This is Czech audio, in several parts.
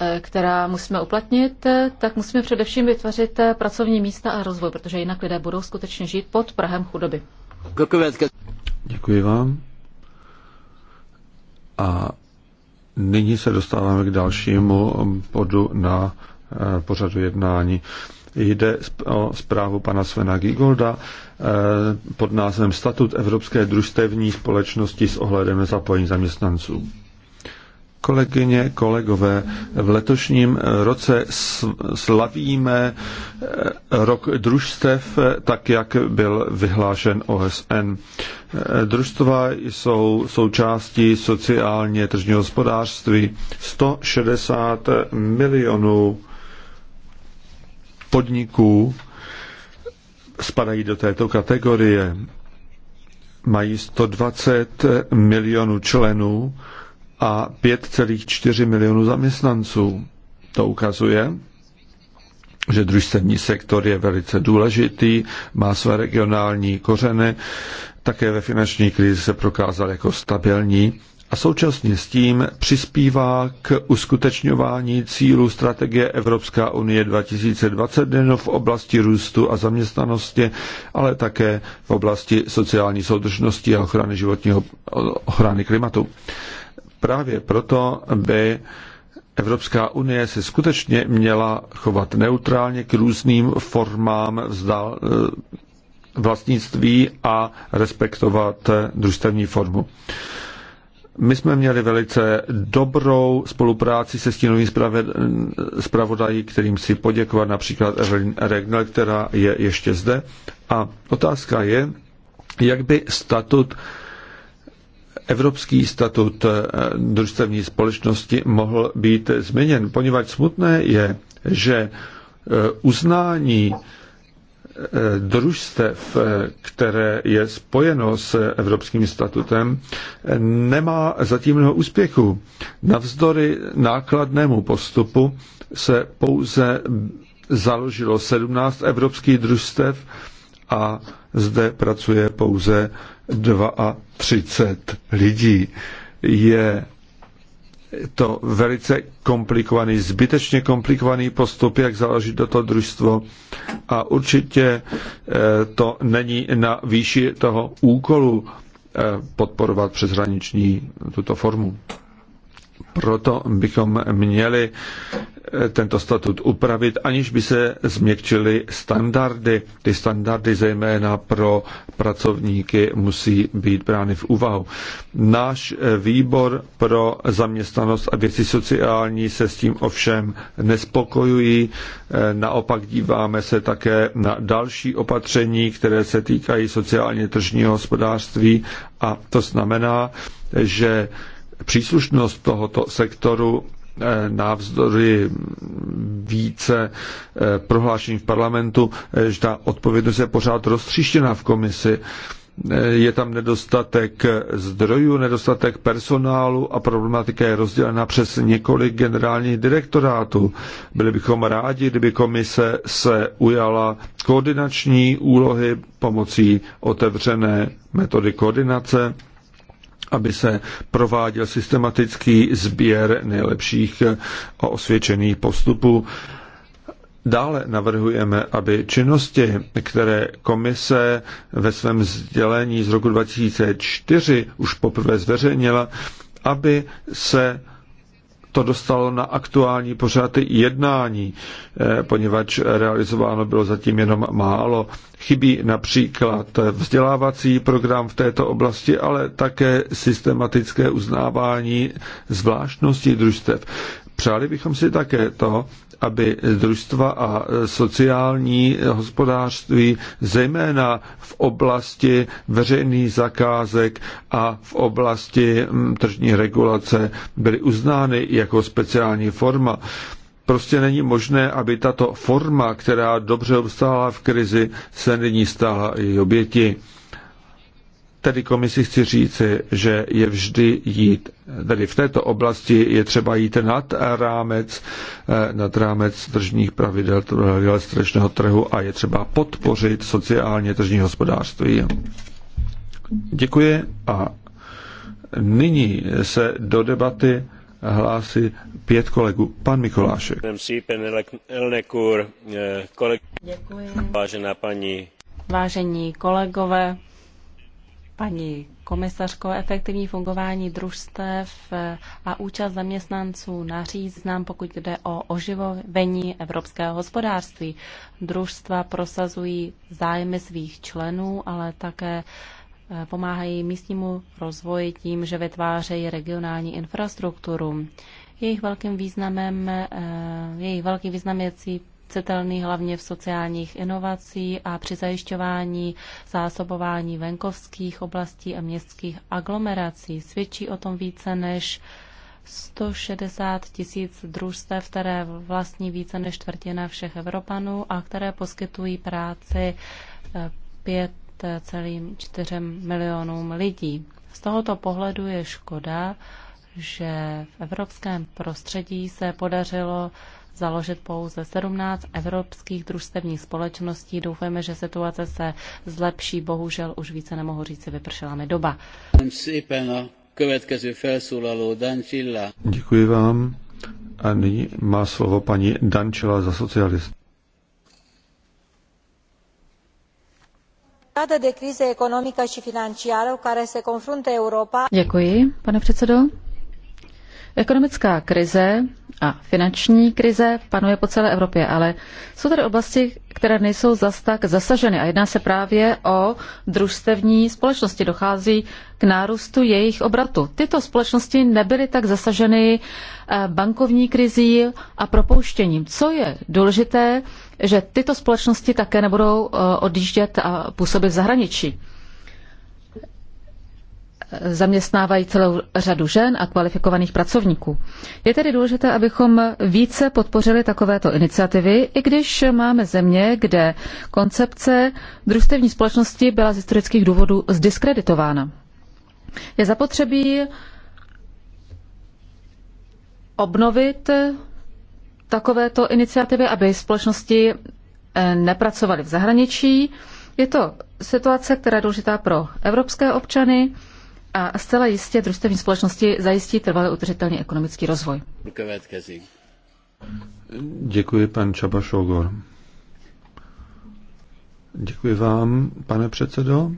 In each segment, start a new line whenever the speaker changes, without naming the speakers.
Eh, která musíme uplatnit, eh, tak musíme především vytvořit eh, pracovní místa a rozvoj, protože jinak lidé budou skutečně žít pod Prahem chudoby.
Děkuji vám. A nyní se dostáváme k dalšímu bodu na pořadu jednání. Jde o zprávu pana Svena Gigolda pod názvem Statut Evropské družstevní společnosti s ohledem na zapojení zaměstnanců. Kolegyně, kolegové, v letošním roce slavíme eh, rok družstev, tak jak byl vyhlášen OSN. Eh, družstva jsou součástí sociálně tržního hospodářství. 160 milionů podniků spadají do této kategorie. Mají 120 milionů členů a 5,4 milionů zaměstnanců. To ukazuje, že družstevní sektor je velice důležitý, má své regionální kořeny, také ve finanční krizi se prokázal jako stabilní a současně s tím přispívá k uskutečňování cílů strategie Evropská unie 2020 v oblasti růstu a zaměstnanosti, ale také v oblasti sociální soudržnosti a ochrany, životního, ochrany klimatu. Právě proto by Evropská unie se skutečně měla chovat neutrálně k různým formám vzdal eh, vlastnictví a respektovat eh, družstevní formu. My jsme měli velice dobrou spolupráci se stínovým zpravodají, kterým si poděkovat například Evelyn Regnel, která je ještě zde. A otázka je, jak by statut Evropský statut eh, družstevní společnosti mohl být změněn, poněvadž smutné je, že eh, uznání eh, družstev, které je spojeno s Evropským statutem, nemá zatím mnoho úspěchu. Navzdory nákladnému postupu se pouze založilo 17 evropských družstev, a zde pracuje pouze 32 lidí. Je to velice komplikovaný, zbytečně komplikovaný postup, jak založit toto družstvo a určitě eh, to není na výši toho úkolu eh, podporovat přeshraniční tuto formu proto bychom měli eh, tento statut upravit, aniž by se změkčily standardy. Ty standardy zejména pro pracovníky musí být brány v úvahu. Náš eh, výbor pro zaměstnanost a věci sociální se s tím ovšem nespokojují. Eh, naopak díváme se také na další opatření, které se týkají sociálně tržního hospodářství a to znamená, že příslušnost tohoto sektoru eh, návzdory více eh, prohlášení v parlamentu, eh, že ta odpovědnost je pořád roztříštěná v komisi. Je tam nedostatek zdrojů, nedostatek personálu a problematika je rozdělena přes několik generálních direktorátů. Byli bychom rádi, kdyby komise se ujala koordinační úlohy pomocí otevřené metody koordinace aby se prováděl systematický sběr nejlepších a eh, osvědčených postupů. Dále navrhujeme, aby činnosti, které komise ve svém sdělení z roku 2004 už poprvé zveřejnila, aby se to dostalo na aktuální pořád jednání, eh, poněvadž realizováno bylo zatím jenom málo. Chybí například vzdělávací program v této oblasti, ale také systematické uznávání zvláštností družstev. Přáli bychom si také to, aby družstva a sociální hospodářství, zejména v oblasti veřejných zakázek a v oblasti mm, tržní regulace, byly uznány jako speciální forma. Prostě není možné, aby tato forma, která dobře obstála v krizi, se nyní stala její oběti. Tedy komisi chci říci, že je vždy jít, tedy v této oblasti je třeba jít nad rámec, eh, nad rámec tržních pravidel, tržního trhu a je třeba podpořit sociálně tržní hospodářství. Děkuji a nyní se do debaty hlásí pět kolegů. Pan Mikolášek.
Děkuji.
Vážená paní.
Vážení kolegové, Paní komisařko, efektivní fungování družstev a účast zaměstnanců na nám, pokud jde o oživovení evropského hospodářství. Družstva prosazují zájmy svých členů, ale také eh, pomáhají místnímu rozvoji tím, že vytvářejí regionální infrastrukturu. Jejich velkým významem, eh, jejich velký význam je citelný hlavně v sociálních inovací a při zajišťování zásobování venkovských oblastí a městských aglomerací. Svědčí o tom více než 160 tisíc družstev, které vlastní více než čtvrtina všech Evropanů a které poskytují práci 5,4 eh, milionům lidí. Z tohoto pohledu je škoda, že v evropském prostředí se podařilo založit pouze 17 evropských družstevních společností. Doufejme, že situace se zlepší. Bohužel už více nemohu říci, vypršela mi doba.
Děkuji vám. A nyní má slovo paní Dančela za socialist.
Děkuji, pane předsedo. Ekonomická krize a finanční krize panuje po celé Evropě, ale jsou tady oblasti, které nejsou zas tak zasaženy a jedná se právě o družstevní společnosti. Dochází k nárůstu jejich obratu. Tyto společnosti nebyly tak zasaženy eh, bankovní krizí a propouštěním. Co je důležité, že tyto společnosti také nebudou eh, odjíždět a působit v zahraničí zaměstnávají celou řadu žen a kvalifikovaných pracovníků. Je tedy důležité, abychom více podpořili takovéto iniciativy, i když máme země, kde koncepce družstevní společnosti byla z historických důvodů zdiskreditována. Je zapotřebí obnovit takovéto iniciativy, aby společnosti eh, nepracovaly v zahraničí. Je to situace, která je důležitá pro evropské občany, a zcela jistě družstevní společnosti zajistí trvalý udržitelný ekonomický rozvoj.
Děkuji, pan Čabašogor. Děkuji vám, pane předsedo.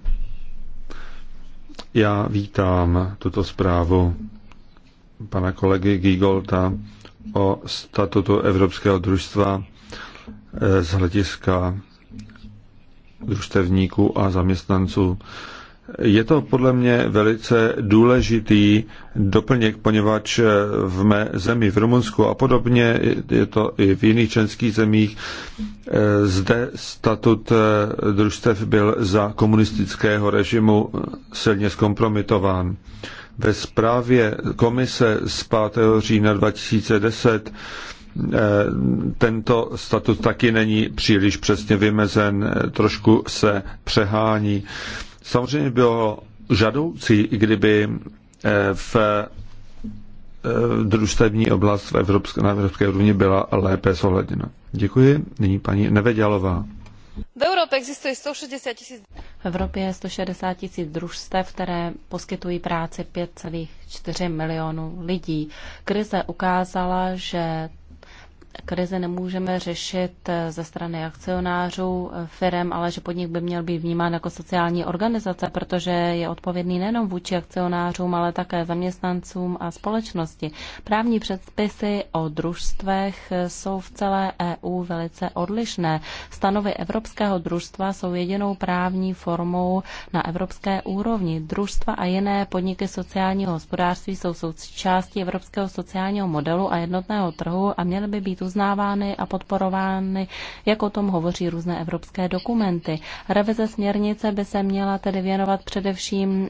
Já vítám tuto zprávu pana kolegy Gigolta o statutu Evropského družstva eh, z hlediska družstevníků a zaměstnanců. Je to podle mě velice důležitý doplněk, poněvadž v mé zemi, v Rumunsku a podobně, je to i v jiných členských zemích, eh, zde statut eh, družstev byl za komunistického režimu silně zkompromitován. Ve zprávě komise z 5. října 2010 eh, tento statut taky není příliš přesně vymezen, trošku se přehání. Samozřejmě bylo žadoucí, kdyby eh, v eh, družstevní oblast v Evropské, na evropské úrovni byla lépe zohledněna. Děkuji. Nyní paní Nevedělová.
V Evropě existuje 160 tisíc... V Evropě je 160 tisíc družstev, které poskytují práci 5,4 milionů lidí. Krize ukázala, že krizi nemůžeme řešit eh, ze strany akcionářů eh, firm, ale že podnik by měl být vnímán jako sociální organizace, protože je odpovědný nejenom vůči akcionářům, ale také zaměstnancům a společnosti. Právní předpisy o družstvech eh, jsou v celé EU velice odlišné. Stanovy Evropského družstva jsou jedinou právní formou na evropské úrovni. Družstva a jiné podniky sociálního hospodářství jsou součástí evropského sociálního modelu a jednotného trhu a měly by být být uznávány a podporovány, jak o tom hovoří různé evropské dokumenty. Revize směrnice by se měla tedy věnovat především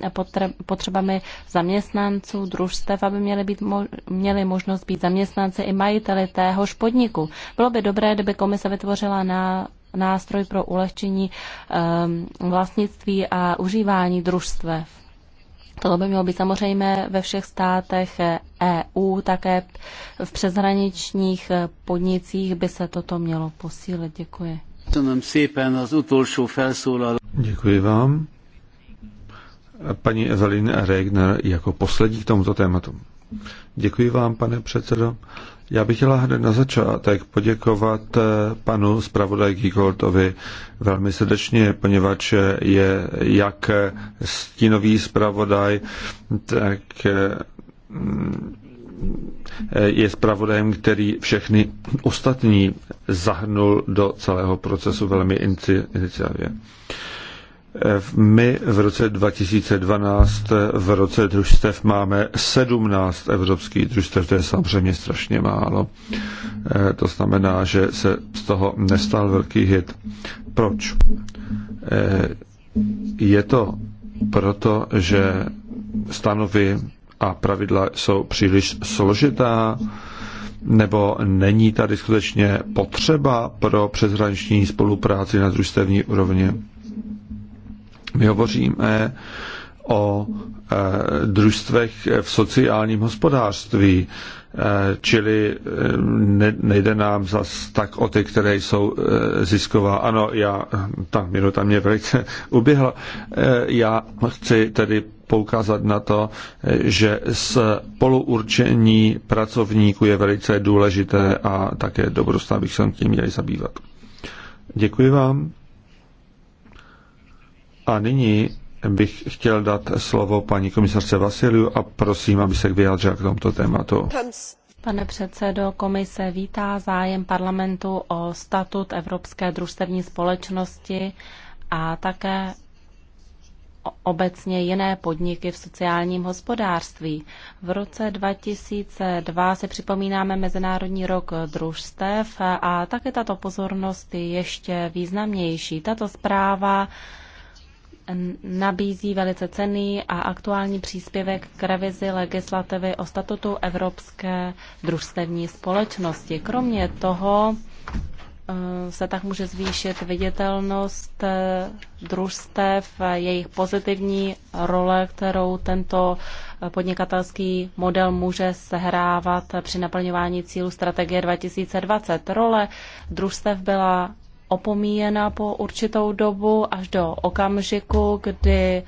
potřebami zaměstnanců, družstev, aby měly být, měli možnost být zaměstnanci i majiteli téhož podniku. Bylo by dobré, kdyby komise vytvořila na nástroj pro ulehčení um, vlastnictví a užívání družstev. To by mělo být samozřejmě ve všech státech EU, také v přeshraničních podnicích by se toto mělo posílit. Děkuji.
Děkuji vám. Paní Evelyn Regner jako poslední k tomuto tématu. Děkuji vám, pane předsedo. Já bych chtěla hned na začátek poděkovat eh, panu zpravodaj Gigoltovi velmi srdečně, poněvadž je jak stínový zpravodaj, tak eh, mm, je zpravodajem, který všechny ostatní zahrnul do celého procesu velmi iniciativně. My v roce 2012 v roce družstev máme 17 evropských družstev, to je samozřejmě strašně málo. E, to znamená, že se z toho nestal velký hit. Proč? E, je to proto, že stanovy a pravidla jsou příliš složitá, nebo není tady skutečně potřeba pro přeshraniční spolupráci na družstevní úrovni? My hovoříme o eh, družstvech v sociálním hospodářství, eh, čili eh, nejde nám zas tak o ty, které jsou zisková. Ano, já, ta minuta mě velice uběhla. Já chci tedy poukázat na to, že poluurčení pracovníků je velice důležité a také dobrostá bych se tím měli zabývat. Děkuji vám. A nyní bych chtěl dát slovo paní komisarce Vasiliu a prosím, aby se vyjádřila k tomuto tématu.
Pane předsedo, komise vítá zájem parlamentu o statut Evropské družstevní společnosti a také obecně jiné podniky v sociálním hospodářství. V roce 2002 si připomínáme Mezinárodní rok družstev a také tato pozornost je ještě významnější. Tato zpráva nabízí velice cený a aktuální příspěvek k revizi legislativy o statutu Evropské družstevní společnosti. Kromě toho eh, se tak může zvýšit viditelnost eh, družstev, jejich pozitivní role, kterou tento eh, podnikatelský model může sehrávat při naplňování cílu strategie 2020. Role družstev byla opomíjena po určitou dobu až do okamžiku, kdy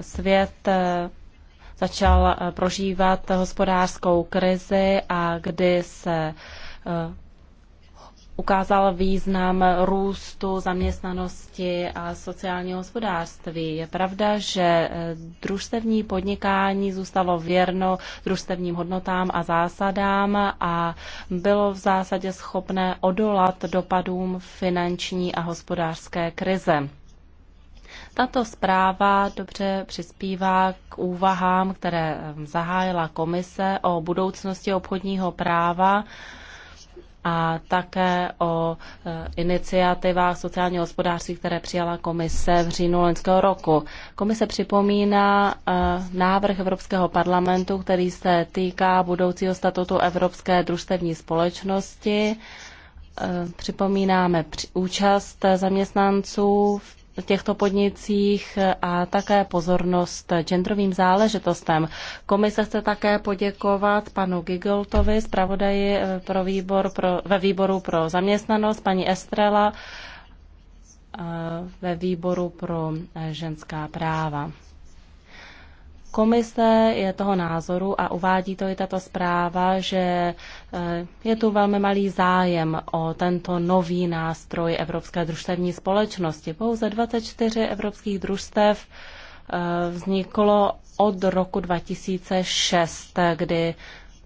svět eh, začal eh, prožívat hospodářskou krizi a kdy se eh, ukázal význam růstu, zaměstnanosti a sociálního hospodářství. Je pravda, že eh, družstevní podnikání zůstalo věrno družstevním hodnotám a zásadám a bylo v zásadě schopné odolat dopadům finanční a hospodářské krize. Tato zpráva dobře přispívá k úvahám, které eh, zahájila komise o budoucnosti obchodního práva a také o e, iniciativách sociálního hospodářství, které přijala komise v říjnu loňského roku. Komise připomíná e, návrh Evropského parlamentu, který se týká budoucího statutu Evropské družstevní společnosti. E, připomínáme účast zaměstnanců v těchto podnicích a také pozornost genderovým záležitostem. Komise chce také poděkovat panu Gigoltovi, zpravodaji eh, pro výbor pro, ve výboru pro zaměstnanost, paní Estrela eh, ve výboru pro eh, ženská práva. Komise je toho názoru a uvádí to i tato zpráva, že eh, je tu velmi malý zájem o tento nový nástroj Evropské družstevní společnosti. Pouze 24 evropských družstev eh, vzniklo od roku 2006, kdy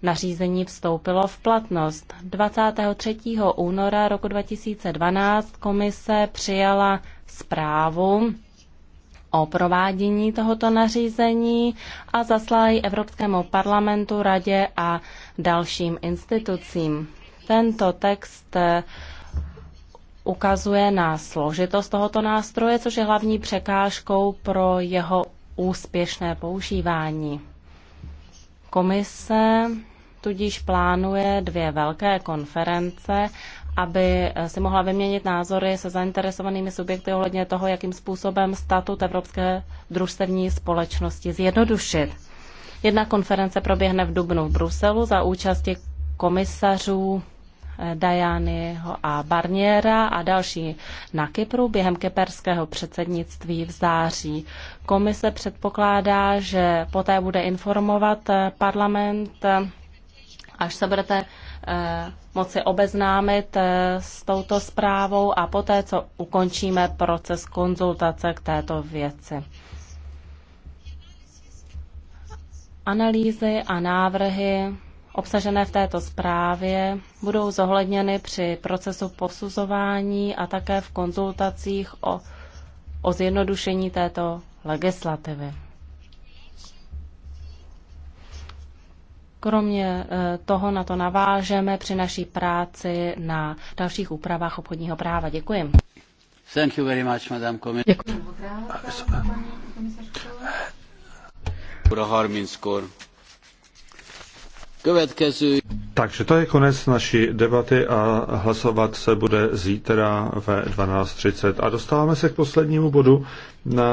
Nařízení vstoupilo v platnost. 23. února roku 2012 komise přijala zprávu o provádění tohoto nařízení a zaslají Evropskému parlamentu, radě a dalším institucím. Tento text eh, ukazuje na složitost tohoto nástroje, což je hlavní překážkou pro jeho úspěšné používání. Komise tudíž plánuje dvě velké konference aby si mohla vyměnit názory se zainteresovanými subjekty ohledně toho, jakým způsobem statut Evropské družstevní společnosti zjednodušit. Jedna konference proběhne v Dubnu v Bruselu za účasti komisařů eh, Dajányho a Barniera a další na Kypru během kyperského předsednictví v září. Komise předpokládá, že poté bude informovat eh, parlament, eh, až se budete Eh, moci obeznámit eh, s touto zprávou a poté, co ukončíme proces konzultace k této věci. Analýzy a návrhy obsažené v této zprávě budou zohledněny při procesu posuzování a také v konzultacích o, o zjednodušení této legislativy. Kromě eh, toho na to navážeme při naší práci na dalších úpravách obchodního práva. Děkuji.
Thank you very much, madam Děkuji.
Takže to je konec naší debaty a hlasovat se bude zítra ve 12.30. A dostáváme se k poslednímu bodu na